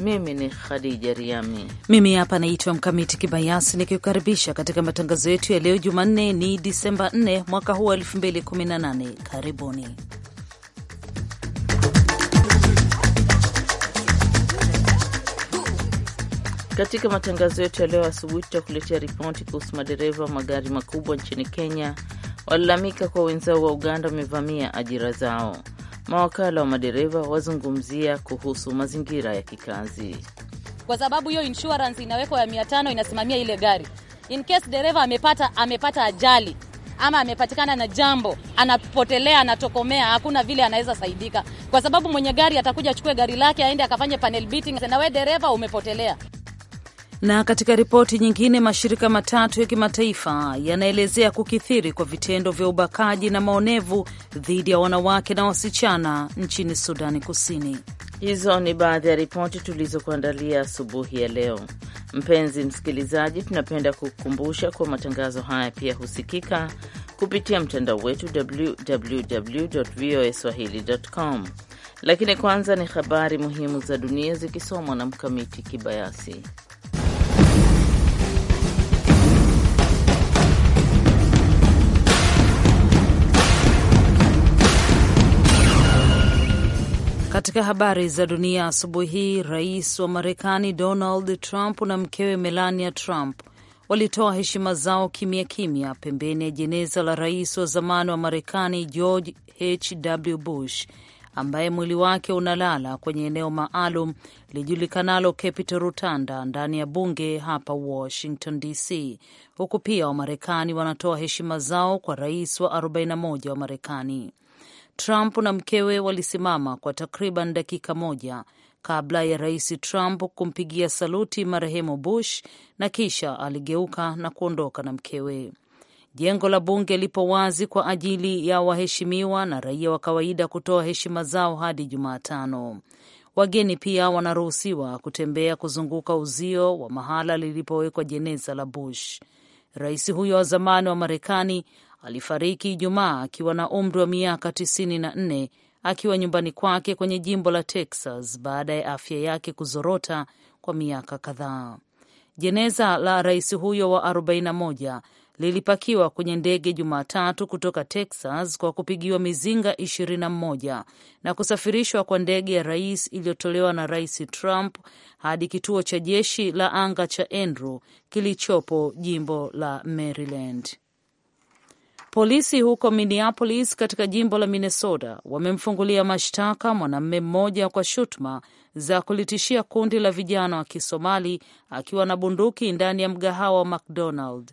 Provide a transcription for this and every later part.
Mimi ni Khadija Riami. Mimi hapa naitwa Mkamiti Kibayasi nikikukaribisha katika matangazo yetu ya leo Jumanne ni Disemba 4 mwaka huu wa 2018. Karibuni. Katika matangazo yetu ya leo asubuhi tutakuletea ripoti kuhusu madereva wa magari makubwa nchini Kenya walalamika kwa wenzao wa Uganda wamevamia ajira zao. Mawakala wa madereva wazungumzia kuhusu mazingira ya kikazi, kwa sababu hiyo insurance inawekwa ya mia tano inasimamia ile gari in case dereva amepata, amepata ajali ama amepatikana na jambo, anapotelea, anatokomea, hakuna vile anaweza saidika, kwa sababu mwenye gari atakuja achukue gari lake aende akafanye panel beating, na we dereva umepotelea. Na katika ripoti nyingine, mashirika matatu ya kimataifa yanaelezea kukithiri kwa vitendo vya ubakaji na maonevu dhidi ya wanawake na wasichana nchini Sudani Kusini. Hizo ni baadhi ya ripoti tulizokuandalia asubuhi ya leo. Mpenzi msikilizaji, tunapenda kukukumbusha kuwa matangazo haya pia husikika kupitia mtandao wetu www voa swahili.com. Lakini kwanza ni habari muhimu za dunia zikisomwa na Mkamiti Kibayasi. Katika habari za dunia asubuhi hii, rais wa Marekani Donald Trump na mkewe Melania Trump walitoa heshima zao kimya kimya pembeni ya jeneza la rais wa zamani wa Marekani George H.W. Bush ambaye mwili wake unalala kwenye eneo maalum lilijulikanalo Capitol Rotunda ndani ya bunge hapa Washington DC, huku pia Wamarekani wanatoa heshima zao kwa rais wa 41 wa Marekani. Trump na mkewe walisimama kwa takriban dakika moja kabla ya rais Trump kumpigia saluti marehemu Bush na kisha aligeuka na kuondoka na mkewe. Jengo la bunge lipo wazi kwa ajili ya waheshimiwa na raia wa kawaida kutoa heshima zao hadi Jumatano. Wageni pia wanaruhusiwa kutembea kuzunguka uzio wa mahala lilipowekwa jeneza la Bush. Rais huyo wa zamani wa Marekani alifariki Ijumaa akiwa na umri wa miaka tisini na nne akiwa nyumbani kwake kwenye jimbo la Texas baada ya afya yake kuzorota kwa miaka kadhaa. Jeneza la rais huyo wa 41 lilipakiwa kwenye ndege Jumatatu kutoka Texas kwa kupigiwa mizinga 21 na kusafirishwa kwa ndege ya rais iliyotolewa na Rais Trump hadi kituo cha jeshi la anga cha Andrew kilichopo jimbo la Maryland. Polisi huko Minneapolis katika jimbo la Minnesota wamemfungulia mashtaka mwanamume mmoja kwa shutuma za kulitishia kundi la vijana wa Kisomali akiwa na bunduki ndani ya mgahawa wa McDonald.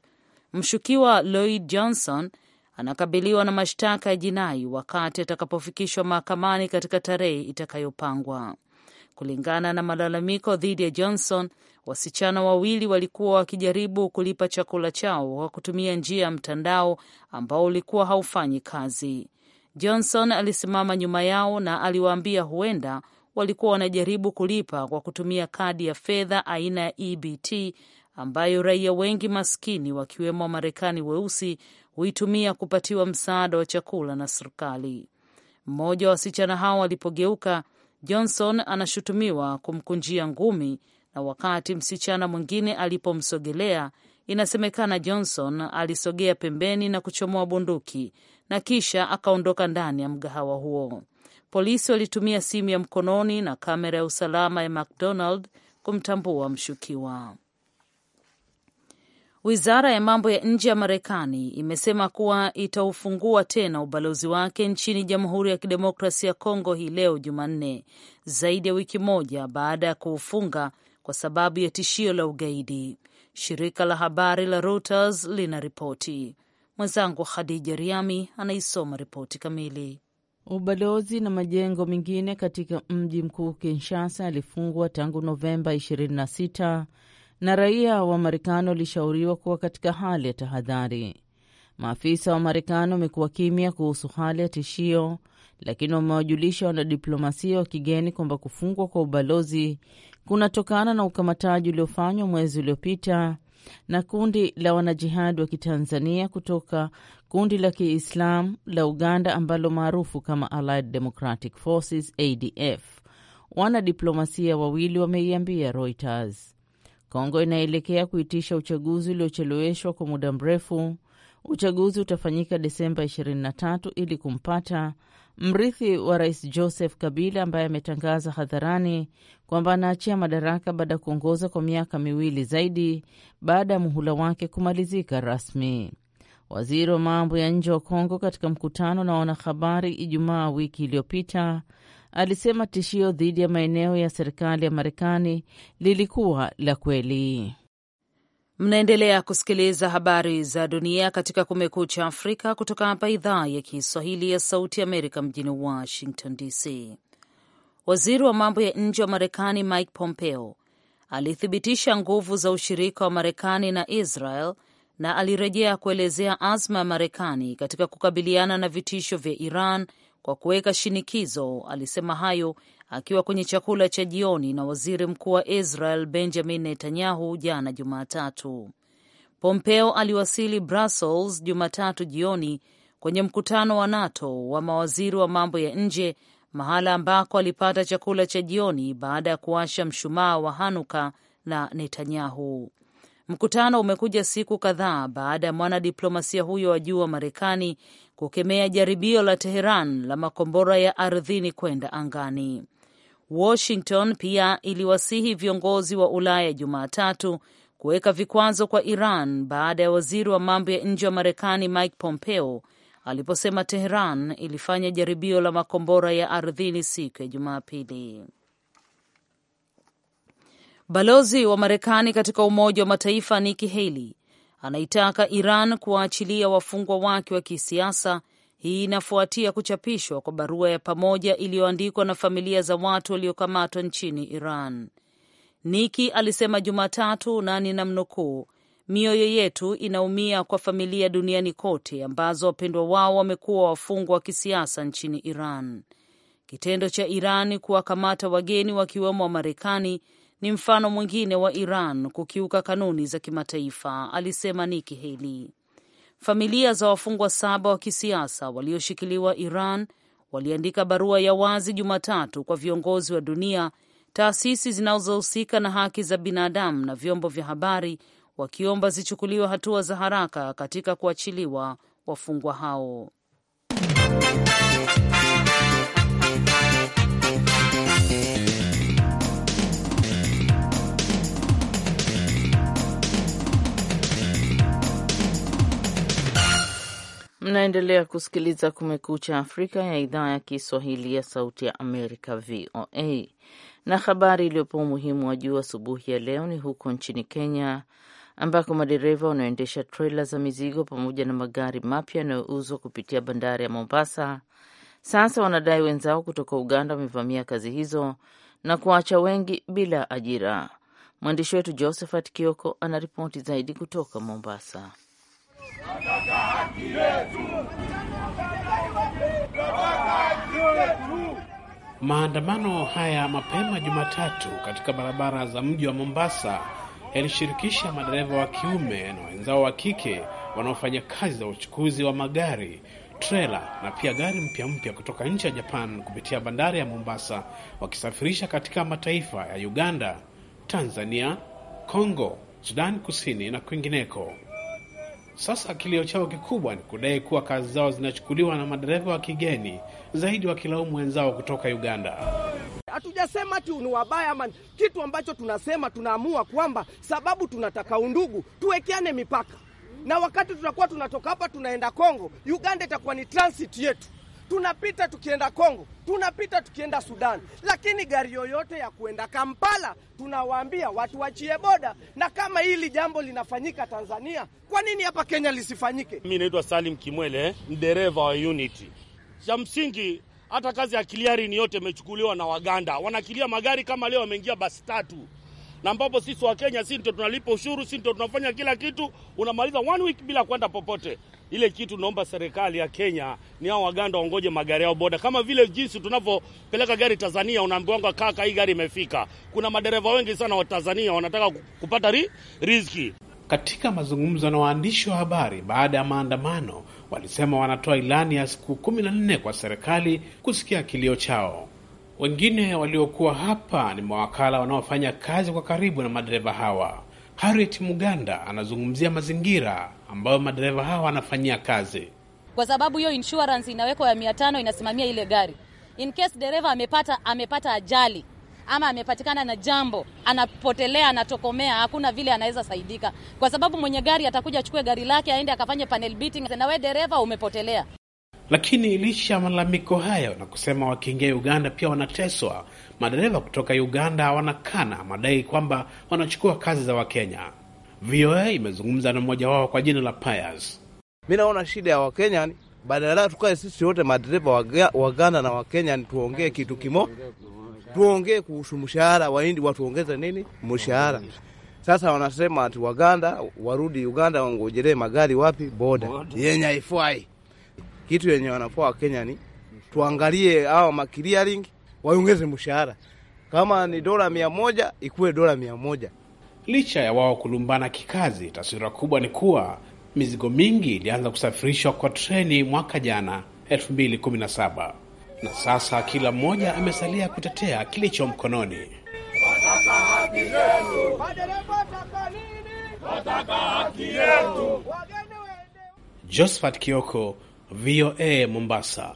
Mshukiwa Lloyd Johnson anakabiliwa na mashtaka ya jinai wakati atakapofikishwa mahakamani katika tarehe itakayopangwa. Kulingana na malalamiko dhidi ya Johnson, wasichana wawili walikuwa wakijaribu kulipa chakula chao kwa kutumia njia ya mtandao ambao ulikuwa haufanyi kazi. Johnson alisimama nyuma yao na aliwaambia huenda walikuwa wanajaribu kulipa kwa kutumia kadi ya fedha aina ya EBT ambayo raia wengi maskini wakiwemo Wamarekani weusi huitumia kupatiwa msaada wa chakula na serikali. Mmoja wa wasichana hao alipogeuka Johnson anashutumiwa kumkunjia ngumi, na wakati msichana mwingine alipomsogelea, inasemekana Johnson alisogea pembeni na kuchomoa bunduki na kisha akaondoka ndani ya mgahawa huo. Polisi walitumia simu ya mkononi na kamera ya usalama ya McDonald kumtambua mshukiwa. Wizara ya mambo ya nje ya Marekani imesema kuwa itaufungua tena ubalozi wake nchini Jamhuri ya Kidemokrasia ya Kongo hii leo Jumanne, zaidi ya wiki moja baada ya kuufunga kwa sababu ya tishio la ugaidi, shirika la habari la Reuters ripoti Mwenzangu Khadija Riami anaisoma ripoti kamili. Ubalozi na majengo mengine katika mji mkuu Kinshasa yalifungwa tangu Novemba 26 na raia wa Marekani walishauriwa kuwa katika hali ya tahadhari. Maafisa wa Marekani wamekuwa kimya kuhusu hali ya tishio, lakini wamewajulisha wanadiplomasia wa kigeni kwamba kufungwa kwa ubalozi kunatokana na ukamataji uliofanywa mwezi uliopita na kundi la wanajihadi wa Kitanzania kutoka kundi la Kiislamu la Uganda ambalo maarufu kama Allied Democratic Forces ADF. Wanadiplomasia wawili wameiambia Reuters Kongo inaelekea kuitisha uchaguzi uliocheleweshwa kwa muda mrefu. Uchaguzi utafanyika Desemba 23 ili kumpata mrithi wa rais Joseph Kabila ambaye ametangaza hadharani kwamba anaachia madaraka baada ya kuongoza kwa miaka miwili zaidi baada ya muhula wake kumalizika rasmi. Waziri wa mambo ya nje wa Kongo katika mkutano na wanahabari Ijumaa wiki iliyopita alisema tishio dhidi ya maeneo ya serikali ya Marekani lilikuwa la kweli. Mnaendelea kusikiliza habari za dunia katika Kumekucha Afrika kutoka hapa idhaa ya Kiswahili ya Sauti Amerika mjini Washington DC. Waziri wa mambo ya nje wa Marekani Mike Pompeo alithibitisha nguvu za ushirika wa Marekani na Israel na alirejea kuelezea azma ya Marekani katika kukabiliana na vitisho vya Iran kwa kuweka shinikizo. Alisema hayo akiwa kwenye chakula cha jioni na waziri mkuu wa Israel Benjamin Netanyahu jana Jumatatu. Pompeo aliwasili Brussels Jumatatu jioni kwenye mkutano wa NATO wa mawaziri wa mambo ya nje, mahala ambako alipata chakula cha jioni baada ya kuwasha mshumaa wa Hanuka na Netanyahu. Mkutano umekuja siku kadhaa baada ya mwanadiplomasia huyo wa juu wa Marekani kukemea jaribio la Teheran la makombora ya ardhini kwenda angani. Washington pia iliwasihi viongozi wa Ulaya Jumatatu kuweka vikwazo kwa Iran baada ya waziri wa mambo ya nje wa Marekani Mike Pompeo aliposema Teheran ilifanya jaribio la makombora ya ardhini siku ya Jumapili. Balozi wa Marekani katika Umoja wa Mataifa Nikki Haley anaitaka Iran kuwaachilia wafungwa wake wa kisiasa. Hii inafuatia kuchapishwa kwa barua ya pamoja iliyoandikwa na familia za watu waliokamatwa nchini Iran. Niki alisema Jumatatu na ninamnukuu, mioyo yetu inaumia kwa familia duniani kote ambazo wapendwa wao wamekuwa wafungwa wa kisiasa nchini Iran. Kitendo cha Iran kuwakamata wageni wakiwemo Wamarekani ni mfano mwingine wa Iran kukiuka kanuni za kimataifa, alisema Nikki Haley. Familia za wafungwa saba wa kisiasa walioshikiliwa Iran waliandika barua ya wazi Jumatatu kwa viongozi wa dunia, taasisi zinazohusika na haki za binadamu na vyombo vya habari, wakiomba zichukuliwe hatua za haraka katika kuachiliwa wafungwa hao. Mnaendelea kusikiliza Kumekucha Afrika ya idhaa ya Kiswahili ya Sauti ya Amerika, VOA. Na habari iliyopewa umuhimu wa juu asubuhi ya leo ni huko nchini Kenya, ambako madereva wanaoendesha trela za mizigo pamoja na magari mapya yanayouzwa kupitia bandari ya Mombasa sasa wanadai wenzao kutoka Uganda wamevamia kazi hizo na kuacha wengi bila ajira. Mwandishi wetu Josephat Kioko anaripoti zaidi kutoka Mombasa. Maandamano haya mapema Jumatatu katika barabara za mji wa Mombasa yalishirikisha madereva wa kiume na wenzao wa kike wanaofanya kazi za uchukuzi wa magari, trela na pia gari mpya mpya kutoka nchi ya Japan kupitia bandari ya Mombasa, wakisafirisha katika mataifa ya Uganda, Tanzania, Kongo, Sudani Kusini na kwingineko. Sasa kilio chao kikubwa ni kudai kuwa kazi zao zinachukuliwa na madereva wa kigeni, zaidi wakilaumu wenzao kutoka Uganda. Hatujasema tu ni wabaya man, kitu ambacho tunasema tunaamua kwamba sababu tunataka undugu, tuwekeane mipaka, na wakati tutakuwa tunatoka hapa tunaenda Kongo, Uganda itakuwa ni transit yetu tunapita tukienda Kongo, tunapita tukienda Sudan, lakini gari yoyote ya kuenda Kampala tunawaambia watu wachie boda. Na kama hili jambo linafanyika Tanzania, kwa nini hapa Kenya lisifanyike? Mimi naitwa Salim Kimwele, mdereva wa Unity. Cha msingi hata kazi ya kiliari ni yote imechukuliwa na Waganda, wanakilia magari kama leo wameingia basi tatu na ambapo sisi wa Kenya, si ndio tunalipa ushuru, si ndio tunafanya kila kitu. Unamaliza one week bila kwenda popote. Ile kitu naomba serikali ya Kenya ni hao Waganda waongoje magari yao boda, kama vile jinsi tunavyopeleka gari Tanzania, unaambiwanga kaka, hii gari imefika. Kuna madereva wengi sana wa Tanzania wanataka kupata ri, riziki. Katika mazungumzo na waandishi wa habari baada ya maandamano, walisema wanatoa ilani ya siku kumi na nne kwa serikali kusikia kilio chao. Wengine waliokuwa hapa ni mawakala wanaofanya kazi kwa karibu na madereva hawa. Harriet Muganda anazungumzia mazingira ambayo madereva hawa wanafanyia kazi, kwa sababu hiyo insurance inawekwa ya mia tano inasimamia ile gari in case dereva amepata amepata ajali ama amepatikana na jambo, anapotelea, anatokomea, hakuna vile anaweza saidika, kwa sababu mwenye gari atakuja achukue gari lake aende akafanye panel beating, na we dereva umepotelea. Lakini licha ya malalamiko hayo na kusema wakiingia Uganda pia wanateswa, madereva kutoka Uganda wanakana madai kwamba wanachukua kazi za Wakenya. VOA imezungumza na mmoja wao kwa jina la Pius. Mi naona shida ya Wakenya, badala tukae sisi wote madereva Waganda na Wakenya tuongee kitu kimo, tuongee kuhusu mshahara. waindi watuongeze nini mshahara? Sasa wanasema ati Waganda warudi Uganda wangojelee magari wapi? Boda yenye haifai. Kitu yenye wanafaa Wakenya ni tuangalie hawa makiria waongeze mshahara, kama ni dola mia moja ikuwe dola mia moja. Licha ya wao kulumbana kikazi, taswira kubwa ni kuwa mizigo mingi ilianza kusafirishwa kwa treni mwaka jana 2017 na sasa kila mmoja amesalia kutetea kilicho mkononi. Josephat Kioko, VOA Mombasa.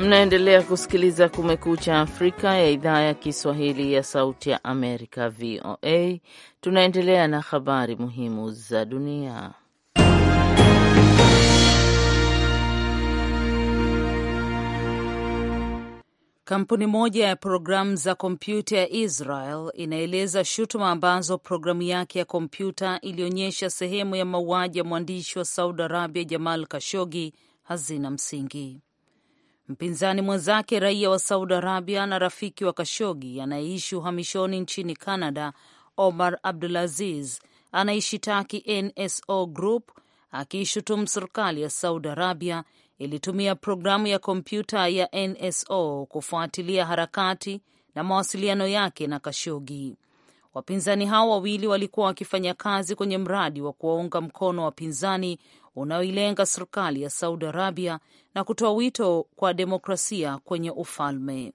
Mnaendelea kusikiliza Kumekucha Afrika ya idhaa ya Kiswahili ya Sauti ya Amerika, VOA. Tunaendelea na habari muhimu za dunia. Kampuni moja ya programu za kompyuta ya Israel inaeleza shutuma ambazo programu yake ya kompyuta ilionyesha sehemu ya mauaji ya mwandishi wa Saudi Arabia Jamal Kashogi hazina msingi. Mpinzani mwenzake raia wa Saudi Arabia na rafiki wa Kashogi anayeishi uhamishoni nchini Canada, Omar Abdulaziz anaishitaki NSO Group akiishutumu serikali ya Saudi Arabia ilitumia programu ya kompyuta ya NSO kufuatilia harakati na mawasiliano yake na Kashogi. Wapinzani hao wawili walikuwa wakifanya kazi kwenye mradi wa kuwaunga mkono wapinzani unaoilenga serikali ya Saudi Arabia na kutoa wito kwa demokrasia kwenye ufalme.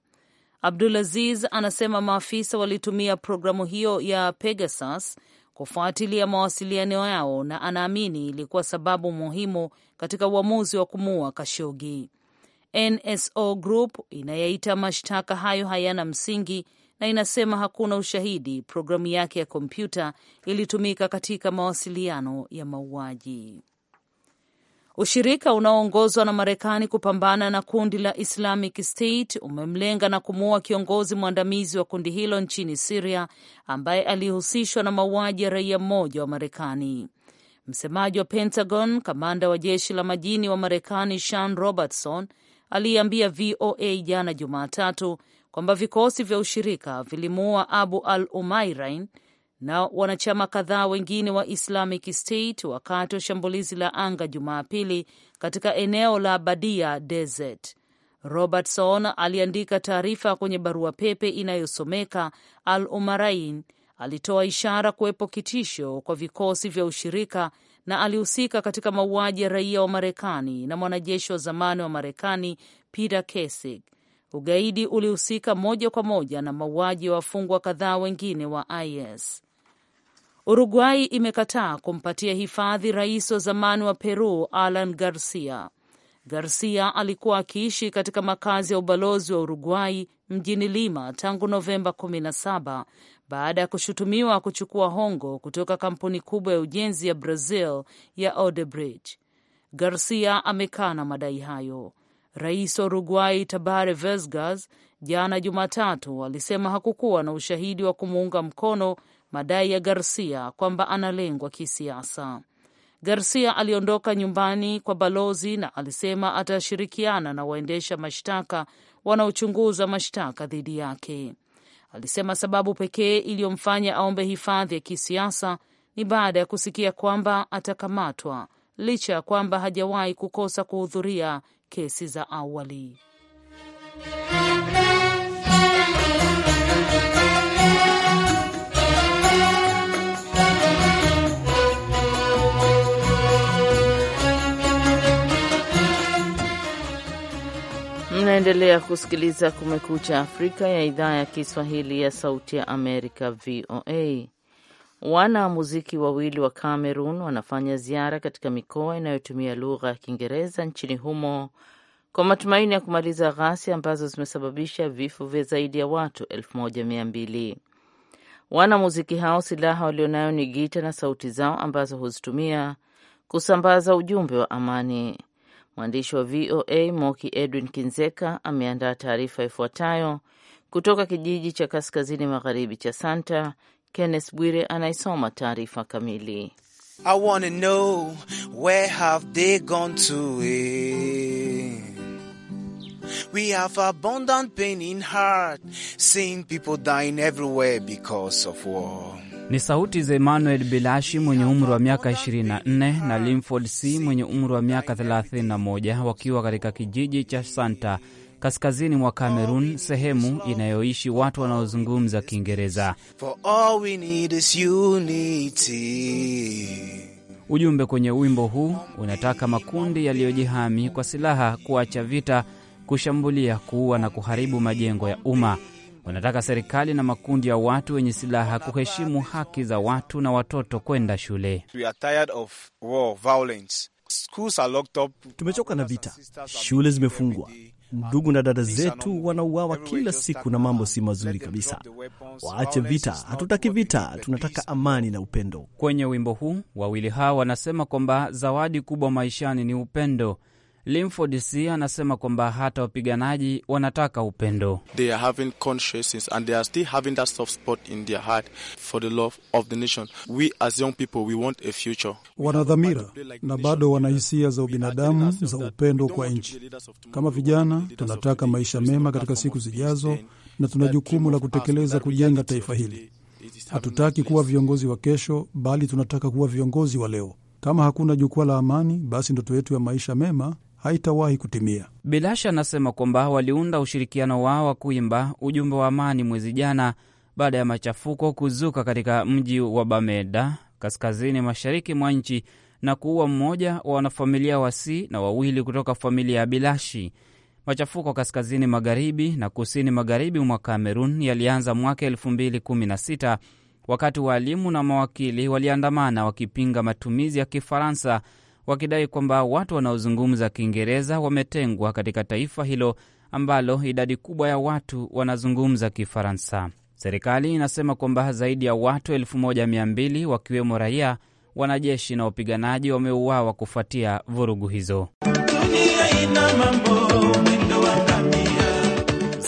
Abdulaziz anasema maafisa walitumia programu hiyo ya Pegasus kufuatilia mawasiliano yao na anaamini ilikuwa sababu muhimu katika uamuzi wa kumuua Kashogi. NSO Group inayaita mashtaka hayo hayana msingi na inasema hakuna ushahidi programu yake ya kompyuta ilitumika katika mawasiliano ya mauaji. Ushirika unaoongozwa na Marekani kupambana na kundi la Islamic State umemlenga na kumuua kiongozi mwandamizi wa kundi hilo nchini Siria ambaye alihusishwa na mauaji ya raia mmoja wa Marekani. Msemaji wa Pentagon, kamanda wa jeshi la majini wa Marekani Sean Robertson aliyeambia VOA jana Jumatatu kwamba vikosi vya ushirika vilimuua Abu al Umairain, na wanachama kadhaa wengine wa Islamic State wakati wa shambulizi la anga Jumapili katika eneo la Badia Desert. Robertson aliandika taarifa kwenye barua pepe inayosomeka Al Umarain alitoa ishara kuwepo kitisho kwa vikosi vya ushirika na alihusika katika mauaji ya raia wa Marekani na mwanajeshi wa zamani wa Marekani Peter Kesik Ugaidi ulihusika moja kwa moja na mauaji ya wafungwa kadhaa wengine wa IS. uruguai imekataa kumpatia hifadhi rais wa zamani wa Peru Alan Garcia. Garcia alikuwa akiishi katika makazi ya ubalozi wa uruguai mjini Lima tangu Novemba 17 baada ya kushutumiwa kuchukua hongo kutoka kampuni kubwa ya ujenzi ya Brazil ya Odebrecht. Garcia amekana madai hayo. Rais wa Uruguay Tabare Vazquez jana Jumatatu alisema hakukuwa na ushahidi wa kumuunga mkono madai ya Garcia kwamba analengwa kisiasa. Garcia aliondoka nyumbani kwa balozi na alisema atashirikiana na waendesha mashtaka wanaochunguza mashtaka dhidi yake. Alisema sababu pekee iliyomfanya aombe hifadhi ya kisiasa ni baada ya kusikia kwamba atakamatwa licha ya kwamba hajawahi kukosa kuhudhuria kesi za awali. Mnaendelea kusikiliza Kumekucha Afrika ya idhaa ya Kiswahili ya Sauti ya Amerika, VOA. Wana muziki wawili wa Cameroon wanafanya ziara katika mikoa inayotumia lugha ya Kiingereza nchini humo kwa matumaini ya kumaliza ghasia ambazo zimesababisha vifo vya zaidi ya watu elfu moja mia mbili. Wanamuziki hao silaha walionayo ni gita na sauti zao ambazo huzitumia kusambaza ujumbe wa amani. Mwandishi wa VOA Moki Edwin Kinzeka ameandaa taarifa ifuatayo kutoka kijiji cha kaskazini magharibi cha Santa Kenneth Bwire anaisoma taarifa kamili. I wanna know where have they gone to eh? We have abundant pain in heart, seeing people dying everywhere because of war. Ni sauti za Emmanuel Bilashi mwenye umri wa miaka 24 na Limford C mwenye umri wa miaka 31 wakiwa katika kijiji cha Santa kaskazini mwa Kamerun, sehemu inayoishi watu wanaozungumza Kiingereza. Ujumbe kwenye wimbo huu unataka makundi yaliyojihami kwa silaha kuacha vita, kushambulia, kuua na kuharibu majengo ya umma. Wanataka serikali na makundi ya watu wenye silaha kuheshimu haki za watu na watoto kwenda shule. Tumechoka na vita, shule zimefungwa, Ndugu na dada zetu wanauawa kila siku na mambo si mazuri kabisa. Waache vita, hatutaki vita, tunataka amani na upendo. Kwenye wimbo huu wawili hawa wanasema kwamba zawadi kubwa maishani ni upendo. Limford anasema kwamba hata wapiganaji wanataka upendo. They are having and they are still having that soft spot in their heart for the love of the nation. We as young people we want a future. Wana dhamira na bado wana hisia za ubinadamu za upendo kwa nchi. Kama vijana tunataka maisha mema katika siku zijazo na tuna jukumu la kutekeleza kujenga taifa hili. Hatutaki kuwa viongozi wa kesho, bali tunataka kuwa viongozi wa leo. Kama hakuna jukwaa la amani, basi ndoto yetu ya maisha mema haitawahi kutimia. Bilasha anasema kwamba waliunda ushirikiano wao wa kuimba ujumbe wa amani mwezi jana baada ya machafuko kuzuka katika mji wa Bameda kaskazini mashariki mwa nchi na kuua mmoja wa wanafamilia Wasi na wawili kutoka familia ya Bilashi. Machafuko kaskazini magharibi na kusini magharibi mwa Kamerun yalianza mwaka 2016 wakati waalimu na mawakili waliandamana wakipinga matumizi ya Kifaransa wakidai kwamba watu wanaozungumza Kiingereza wametengwa katika taifa hilo ambalo idadi kubwa ya watu wanazungumza Kifaransa. Serikali inasema kwamba zaidi ya watu 1200 wakiwemo raia, wanajeshi na wapiganaji wameuawa kufuatia vurugu hizo. Dunia ina mambo, mwendo wa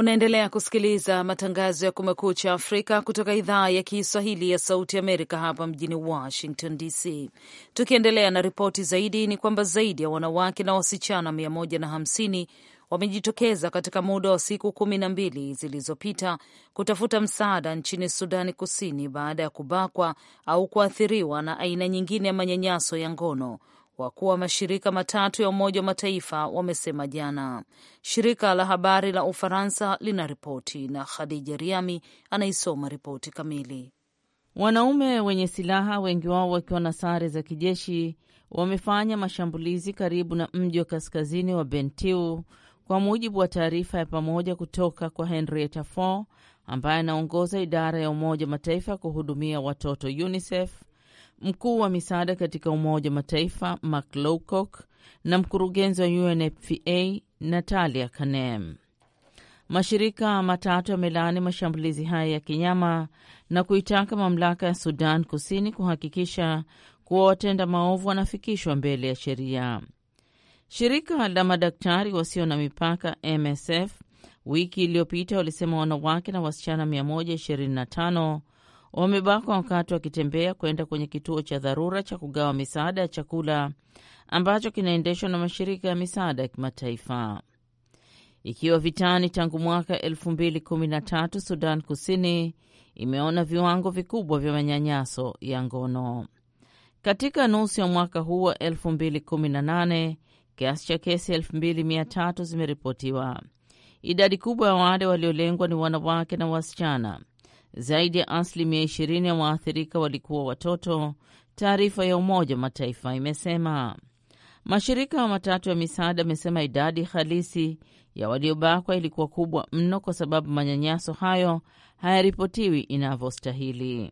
Unaendelea kusikiliza matangazo ya Kumekucha Afrika kutoka idhaa ya Kiswahili ya Sauti Amerika hapa mjini Washington DC. Tukiendelea na ripoti zaidi, ni kwamba zaidi ya wanawake na wasichana 150 wamejitokeza katika muda wa siku kumi na mbili zilizopita kutafuta msaada nchini Sudani Kusini baada ya kubakwa au kuathiriwa na aina nyingine ya manyanyaso ya ngono wakuu wa mashirika matatu ya Umoja wa Mataifa wamesema jana, shirika la habari la Ufaransa lina ripoti na Khadija Riami anaisoma ripoti kamili. Wanaume wenye silaha, wengi wao wakiwa na sare za kijeshi, wamefanya mashambulizi karibu na mji wa kaskazini wa Bentiu, kwa mujibu wa taarifa ya pamoja kutoka kwa Henrietta Fore ambaye anaongoza idara ya Umoja wa Mataifa kuhudumia watoto UNICEF Mkuu wa misaada katika Umoja wa Mataifa Mark Lowcock na mkurugenzi wa UNFPA Natalia Kanem. Mashirika matatu yamelaani mashambulizi haya ya kinyama na kuitaka mamlaka ya Sudan Kusini kuhakikisha kuwa watenda maovu wanafikishwa mbele ya sheria. Shirika la madaktari wasio na mipaka MSF wiki iliyopita walisema wanawake na wasichana 125 wamebakwa wakati wakitembea kwenda kwenye kituo cha dharura cha kugawa misaada ya chakula ambacho kinaendeshwa na mashirika ya misaada ya kimataifa. Ikiwa vitani tangu mwaka 2013, Sudan Kusini imeona viwango vikubwa vya manyanyaso ya ngono. Katika nusu ya mwaka huu wa 2018, kiasi cha kesi 2300 zimeripotiwa. Idadi kubwa ya wale waliolengwa ni wanawake na wasichana zaidi ya asilimia ishirini ya waathirika walikuwa watoto, taarifa ya Umoja wa Mataifa imesema. Mashirika matatu ya misaada amesema idadi halisi ya waliobakwa ilikuwa kubwa mno, kwa sababu manyanyaso hayo hayaripotiwi inavyostahili.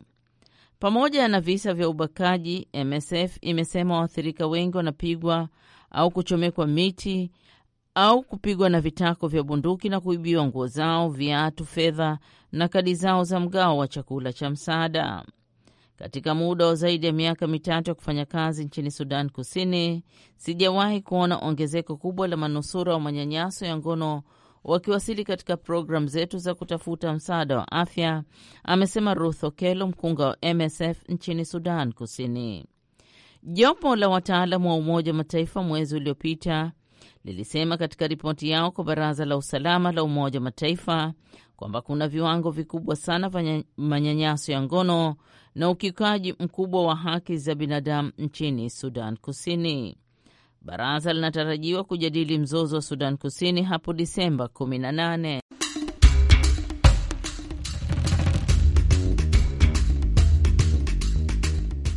Pamoja na visa vya ubakaji, MSF imesema waathirika wengi wanapigwa au kuchomekwa miti au kupigwa na vitako vya bunduki na kuibiwa nguo zao, viatu, fedha na kadi zao za mgao wa chakula cha msaada. Katika muda wa zaidi ya miaka mitatu ya kufanya kazi nchini Sudan Kusini, sijawahi kuona ongezeko kubwa la manusura wa manyanyaso ya ngono wakiwasili katika programu zetu za kutafuta msaada wa afya, amesema Ruth Okelo, mkunga wa MSF nchini Sudan Kusini. Jopo la wataalamu wa Umoja wa Mataifa mwezi uliopita lilisema katika ripoti yao kwa Baraza la Usalama la Umoja wa Mataifa kwamba kuna viwango vikubwa sana vya manyanyaso ya ngono na ukiukaji mkubwa wa haki za binadamu nchini Sudan Kusini. Baraza linatarajiwa kujadili mzozo wa Sudan Kusini hapo Disemba 18.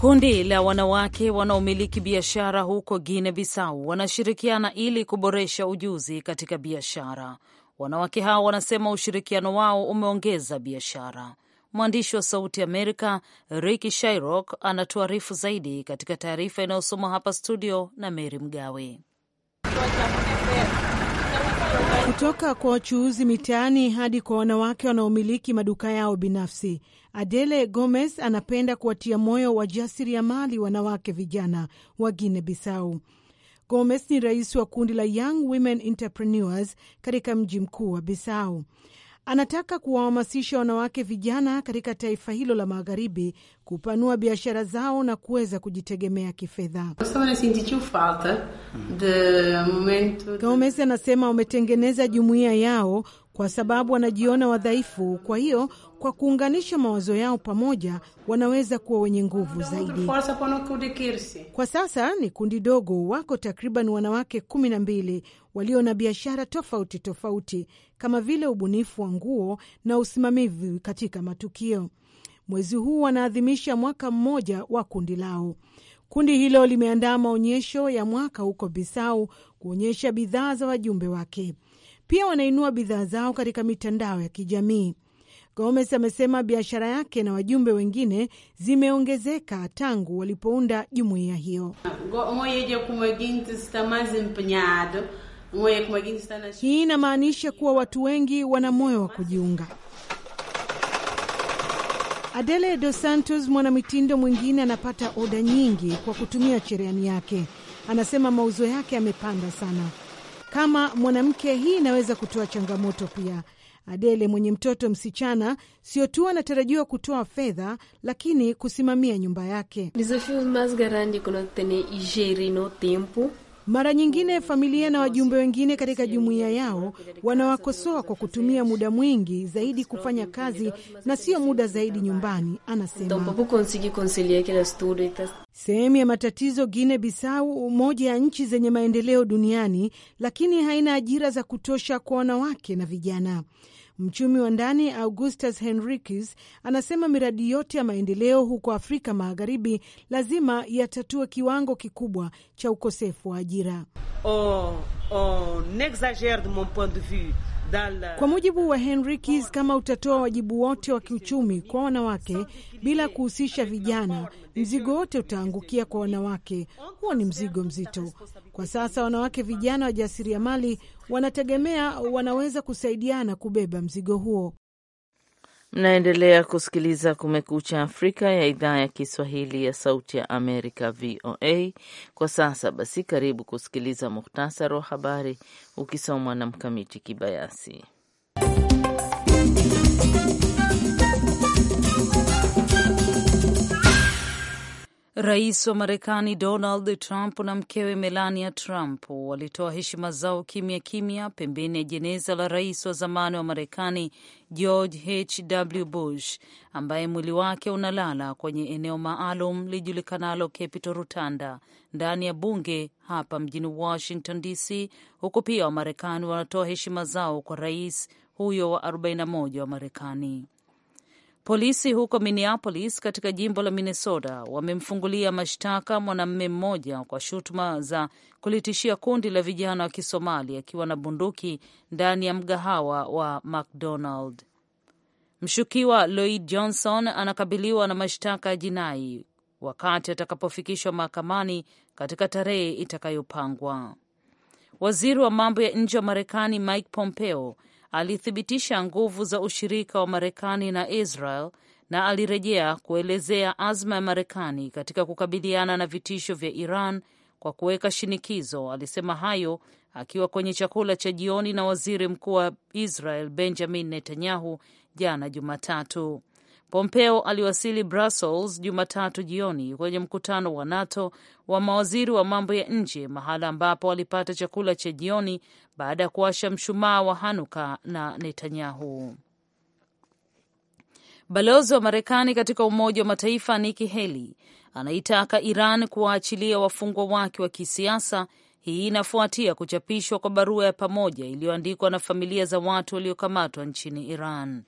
Kundi la wanawake wanaomiliki biashara huko Guinea Bissau wanashirikiana ili kuboresha ujuzi katika biashara. Wanawake hao wanasema ushirikiano wao umeongeza biashara. Mwandishi wa Sauti Amerika Ricky Shairok anatuarifu zaidi katika taarifa inayosomwa hapa studio na Mary Mgawe kutoka kwa wachuuzi mitaani hadi kwa wanawake wanaomiliki maduka yao binafsi. Adele Gomez anapenda kuwatia moyo mali wanawake vijana wa Guinea Bissau. Gomez ni rais wa kundi la Young Women Entrepreneurs katika mji mkuu wa Bissau. Anataka kuwahamasisha wanawake vijana katika taifa hilo la magharibi kupanua biashara zao na kuweza kujitegemea kifedha. Gomes anasema wametengeneza jumuiya yao kwa sababu wanajiona wadhaifu, kwa hiyo kwa kuunganisha mawazo yao pamoja wanaweza kuwa wenye nguvu zaidi. Kwa sasa ni kundi dogo, wako takriban wanawake kumi na mbili walio na biashara tofauti tofauti kama vile ubunifu wa nguo na usimamizi katika matukio. Mwezi huu wanaadhimisha mwaka mmoja wa kundi lao. Kundi hilo limeandaa maonyesho ya mwaka huko Bisau kuonyesha bidhaa za wajumbe wake. Pia wanainua bidhaa zao katika mitandao ya kijamii. Gomes amesema biashara yake na wajumbe wengine zimeongezeka tangu walipounda jumuiya hiyo. Hii inamaanisha kuwa watu wengi wana moyo wa kujiunga. Adele Dos Santos, mwanamitindo mwingine, anapata oda nyingi kwa kutumia cherehani yake. Anasema mauzo yake yamepanda sana. Kama mwanamke, hii inaweza kutoa changamoto pia. Adele mwenye mtoto msichana sio tu anatarajiwa kutoa fedha, lakini kusimamia nyumba yake. Mara nyingine familia na wajumbe wengine katika jumuiya yao wanawakosoa kwa kutumia muda mwingi zaidi kufanya kazi na sio muda zaidi nyumbani, anasema. Sehemu ya matatizo guine Bissau, moja ya nchi zenye maendeleo duniani, lakini haina ajira za kutosha kwa wanawake na vijana. Mchumi wa ndani Augustus Henrikis anasema miradi yote ya maendeleo huko Afrika Magharibi lazima yatatue kiwango kikubwa cha ukosefu wa ajira. oh, oh, kwa mujibu wa Henry Kis, kama utatoa wajibu wote wa kiuchumi kwa wanawake bila kuhusisha vijana, mzigo wote utaangukia kwa wanawake. Huo ni mzigo mzito. Kwa sasa wanawake vijana wajasiriamali wanategemea, wanaweza kusaidiana kubeba mzigo huo. Mnaendelea kusikiliza Kumekucha Afrika ya idhaa ya Kiswahili ya Sauti ya Amerika, VOA. Kwa sasa basi, karibu kusikiliza muhtasari wa habari ukisomwa na Mkamiti Kibayasi. Rais wa Marekani Donald Trump na mkewe Melania Trump walitoa heshima zao kimya kimya pembeni ya jeneza la rais wa zamani wa Marekani George H.W. Bush ambaye mwili wake unalala kwenye eneo maalum lijulikanalo Capitol Rotunda ndani ya bunge hapa mjini Washington DC, huku pia Wamarekani wanatoa heshima zao kwa rais huyo wa 41 wa Marekani. Polisi huko Minneapolis katika jimbo la Minnesota wamemfungulia mashtaka mwanamume mmoja kwa shutuma za kulitishia kundi la vijana wa Kisomali akiwa na bunduki ndani ya mgahawa wa McDonald. Mshukiwa Lloyd Johnson anakabiliwa na mashtaka ya jinai wakati atakapofikishwa mahakamani katika tarehe itakayopangwa. Waziri wa mambo ya nje wa Marekani Mike Pompeo alithibitisha nguvu za ushirika wa Marekani na Israel na alirejea kuelezea azma ya Marekani katika kukabiliana na vitisho vya Iran kwa kuweka shinikizo. Alisema hayo akiwa kwenye chakula cha jioni na waziri mkuu wa Israel Benjamin Netanyahu jana Jumatatu. Pompeo aliwasili Brussels Jumatatu jioni kwenye mkutano wa NATO wa mawaziri wa mambo ya nje, mahala ambapo alipata chakula cha jioni baada ya kuwasha mshumaa wa Hanuka na Netanyahu. Balozi wa Marekani katika Umoja wa Mataifa Nikki Haley anaitaka Iran kuwaachilia wafungwa wake wa kisiasa. Hii inafuatia kuchapishwa kwa barua ya pamoja iliyoandikwa na familia za watu waliokamatwa nchini Iran.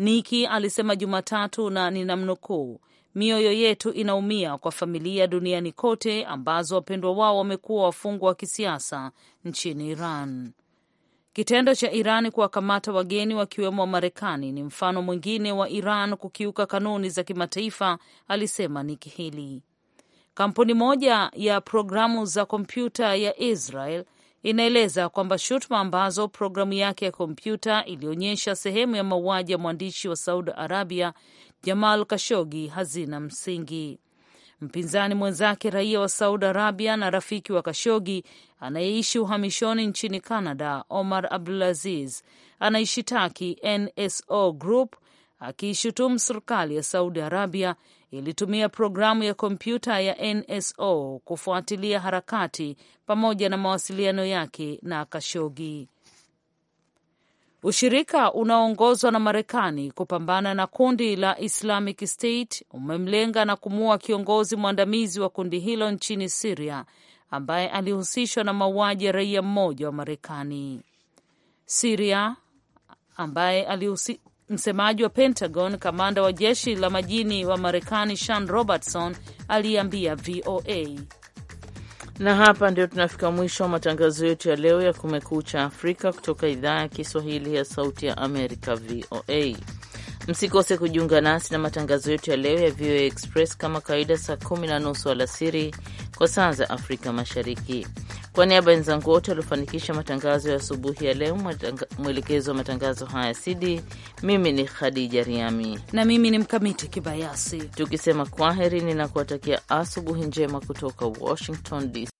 Niki alisema Jumatatu na ninamnukuu, mioyo yetu inaumia kwa familia duniani kote ambazo wapendwa wao wamekuwa wafungwa wa kisiasa nchini Iran. Kitendo cha Iran kuwakamata wageni wakiwemo Wamarekani ni mfano mwingine wa Iran kukiuka kanuni za kimataifa, alisema Niki Hili. Kampuni moja ya programu za kompyuta ya Israel inaeleza kwamba shutuma ambazo programu yake ya kompyuta ilionyesha sehemu ya mauaji ya mwandishi wa Saudi Arabia Jamal Kashogi hazina msingi. Mpinzani mwenzake raia wa Saudi Arabia na rafiki wa Kashogi anayeishi uhamishoni nchini Canada, Omar Abdulaziz anaishitaki NSO Group akiishutumu serikali ya Saudi Arabia ilitumia programu ya kompyuta ya NSO kufuatilia harakati pamoja na mawasiliano yake na Kashogi. Ushirika unaoongozwa na Marekani kupambana na kundi la Islamic State umemlenga na kumuua kiongozi mwandamizi wa kundi hilo nchini Siria ambaye alihusishwa na mauaji ya raia mmoja wa Marekani. Siria ambaye alihusi, Msemaji wa Pentagon, kamanda wa jeshi la majini wa Marekani Sean Robertson aliambia VOA. Na hapa ndio tunafika mwisho wa matangazo yetu ya leo ya Kumekucha Afrika kutoka idhaa ya Kiswahili ya Sauti ya Amerika, VOA. Msikose kujiunga nasi na matangazo yetu ya leo ya VOA Express kama kawaida, saa kumi na nusu alasiri kwa saa za Afrika Mashariki. Kwa niaba ya wenzangu wote waliofanikisha matangazo ya asubuhi ya leo, mwelekezo wa matangazo haya cd, mimi ni Khadija Riami na mimi ni Mkamiti Kibayasi, tukisema kwaheri ninakuwatakia asubuhi njema kutoka Washington DC.